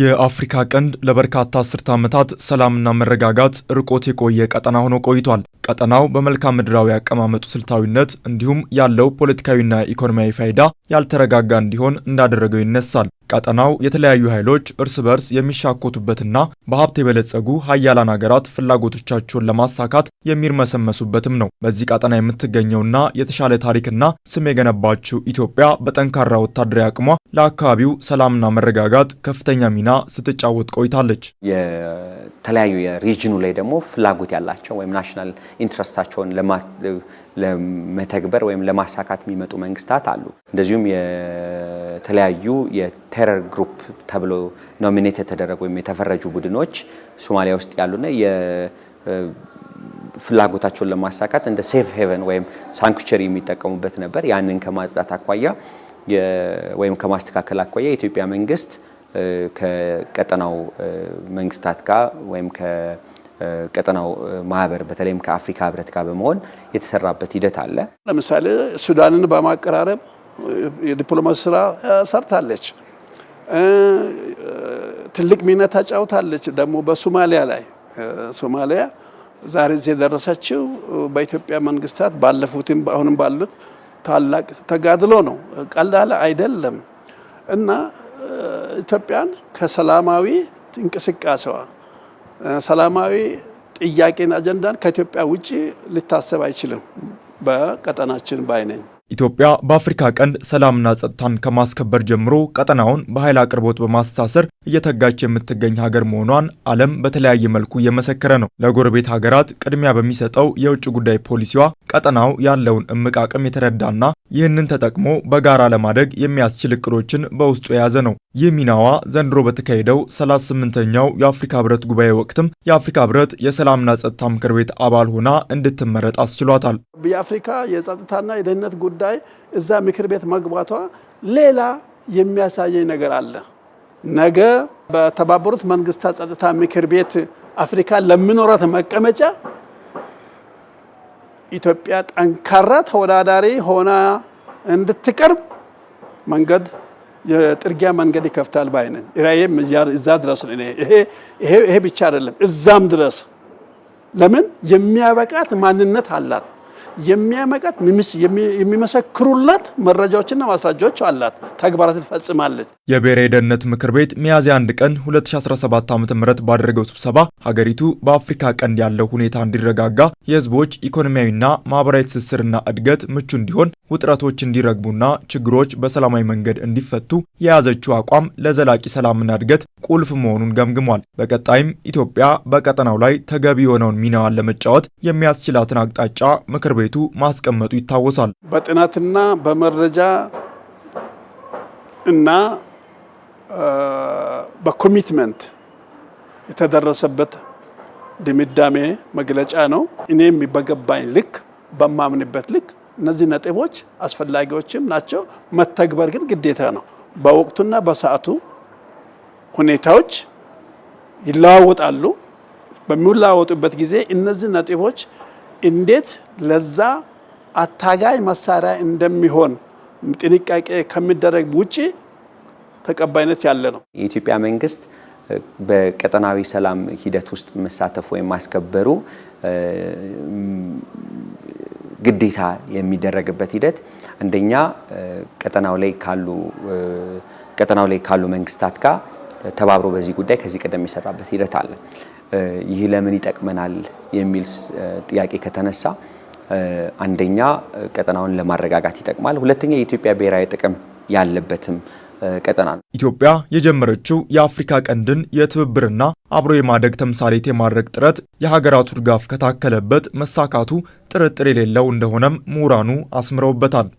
የአፍሪካ ቀንድ ለበርካታ አስርተ ዓመታት ሰላምና መረጋጋት ርቆት የቆየ ቀጠና ሆኖ ቆይቷል። ቀጠናው በመልክዓ ምድራዊ አቀማመጡ ስልታዊነት እንዲሁም ያለው ፖለቲካዊና ኢኮኖሚያዊ ፋይዳ ያልተረጋጋ እንዲሆን እንዳደረገው ይነሳል። ቀጠናው የተለያዩ ኃይሎች እርስ በርስ የሚሻኮቱበትና በሀብት የበለጸጉ ሀያላን ሀገራት ፍላጎቶቻቸውን ለማሳካት የሚርመሰመሱበትም ነው። በዚህ ቀጠና የምትገኘውና የተሻለ ታሪክና ስም የገነባችው ኢትዮጵያ በጠንካራ ወታደራዊ አቅሟ ለአካባቢው ሰላምና መረጋጋት ከፍተኛ ሚና ስትጫወት ቆይታለች። የተለያዩ የሪጅኑ ላይ ደግሞ ፍላጎት ያላቸው ወይም ናሽናል ኢንትረስታቸውን ለመተግበር ወይም ለማሳካት የሚመጡ መንግስታት አሉ። እንደዚሁም የተለያዩ የቴረር ግሩፕ ተብሎ ኖሚኔት የተደረጉ ወይም የተፈረጁ ቡድኖች ሶማሊያ ውስጥ ያሉና የፍላጎታቸውን ለማሳካት እንደ ሴፍ ሄቨን ወይም ሳንክቸሪ የሚጠቀሙበት ነበር። ያንን ከማጽዳት አኳያ ወይም ከማስተካከል አኳያ የኢትዮጵያ መንግስት ከቀጠናው መንግስታት ጋር ወይም ቀጠናው ማህበር በተለይም ከአፍሪካ ህብረት ጋር በመሆን የተሰራበት ሂደት አለ። ለምሳሌ ሱዳንን በማቀራረብ የዲፕሎማሲ ስራ ሰርታለች፣ ትልቅ ሚና ተጫውታለች። ደግሞ በሶማሊያ ላይ ሶማሊያ ዛሬ እዚህ የደረሰችው በኢትዮጵያ መንግስታት ባለፉትም አሁንም ባሉት ታላቅ ተጋድሎ ነው። ቀላል አይደለም እና ኢትዮጵያን ከሰላማዊ እንቅስቃሴዋ ሰላማዊ ጥያቄን አጀንዳን ከኢትዮጵያ ውጭ ሊታሰብ አይችልም። በቀጠናችን ባይነኝ። ኢትዮጵያ በአፍሪካ ቀንድ ሰላምና ጸጥታን ከማስከበር ጀምሮ ቀጠናውን በኃይል አቅርቦት በማስተሳሰር እየተጋች የምትገኝ ሀገር መሆኗን ዓለም በተለያየ መልኩ እየመሰከረ ነው። ለጎረቤት ሀገራት ቅድሚያ በሚሰጠው የውጭ ጉዳይ ፖሊሲዋ ቀጠናው ያለውን እምቅ አቅም የተረዳና ይህንን ተጠቅሞ በጋራ ለማደግ የሚያስችል እቅዶችን በውስጡ የያዘ ነው። ይህ ሚናዋ ዘንድሮ በተካሄደው 38ኛው የአፍሪካ ህብረት ጉባኤ ወቅትም የአፍሪካ ህብረት የሰላምና ጸጥታ ምክር ቤት አባል ሆና እንድትመረጥ አስችሏታል። የአፍሪካ የጸጥታና የደህንነት ጉዳይ ጉዳይ እዛ ምክር ቤት መግባቷ ሌላ የሚያሳየኝ ነገር አለ። ነገ በተባበሩት መንግስታት ጸጥታ ምክር ቤት አፍሪካ ለሚኖራት መቀመጫ ኢትዮጵያ ጠንካራ ተወዳዳሪ ሆና እንድትቀርብ መንገድ የጥርጊያ መንገድ ይከፍታል ባይ ነኝ። እዛ ድረስ ይሄ ብቻ አይደለም፣ እዛም ድረስ ለምን የሚያበቃት ማንነት አላት። የሚያመቃት የሚመሰክሩላት መረጃዎችና ማስረጃዎች አላት። ተግባራት ትፈጽማለች። የብሔራዊ ደህንነት ምክር ቤት ሚያዝያ አንድ ቀን 2017 ዓ ም ባደረገው ስብሰባ ሀገሪቱ በአፍሪካ ቀንድ ያለው ሁኔታ እንዲረጋጋ፣ የህዝቦች ኢኮኖሚያዊና ማህበራዊ ትስስርና እድገት ምቹ እንዲሆን፣ ውጥረቶች እንዲረግቡና ችግሮች በሰላማዊ መንገድ እንዲፈቱ የያዘችው አቋም ለዘላቂ ሰላምና እድገት ቁልፍ መሆኑን ገምግሟል። በቀጣይም ኢትዮጵያ በቀጠናው ላይ ተገቢ የሆነውን ሚናዋን ለመጫወት የሚያስችላትን አቅጣጫ ምክር ቤት ቤቱ ማስቀመጡ ይታወሳል። በጥናትና በመረጃ እና በኮሚትመንት የተደረሰበት ድምዳሜ መግለጫ ነው። እኔም በገባኝ ልክ በማምንበት ልክ እነዚህ ነጥቦች አስፈላጊዎችም ናቸው። መተግበር ግን ግዴታ ነው። በወቅቱና በሰዓቱ ሁኔታዎች ይለዋወጣሉ። በሚለዋወጡበት ጊዜ እነዚህ ነጥቦች እንዴት ለዛ አታጋይ መሳሪያ እንደሚሆን ጥንቃቄ ከሚደረግ ውጭ ተቀባይነት ያለ ነው። የኢትዮጵያ መንግስት በቀጠናዊ ሰላም ሂደት ውስጥ መሳተፍ ወይም ማስከበሩ ግዴታ የሚደረግበት ሂደት አንደኛ ቀጠናው ላይ ካሉ ቀጠናው ላይ ካሉ መንግስታት ጋር ተባብሮ በዚህ ጉዳይ ከዚህ ቀደም የሰራበት ሂደት አለ። ይህ ለምን ይጠቅመናል የሚል ጥያቄ ከተነሳ አንደኛ ቀጠናውን ለማረጋጋት ይጠቅማል። ሁለተኛ የኢትዮጵያ ብሔራዊ ጥቅም ያለበትም ቀጠና ነው። ኢትዮጵያ የጀመረችው የአፍሪካ ቀንድን የትብብርና አብሮ የማደግ ተምሳሌት የማድረግ ጥረት የሀገራቱ ድጋፍ ከታከለበት መሳካቱ ጥርጥር የሌለው እንደሆነም ምሁራኑ አስምረውበታል።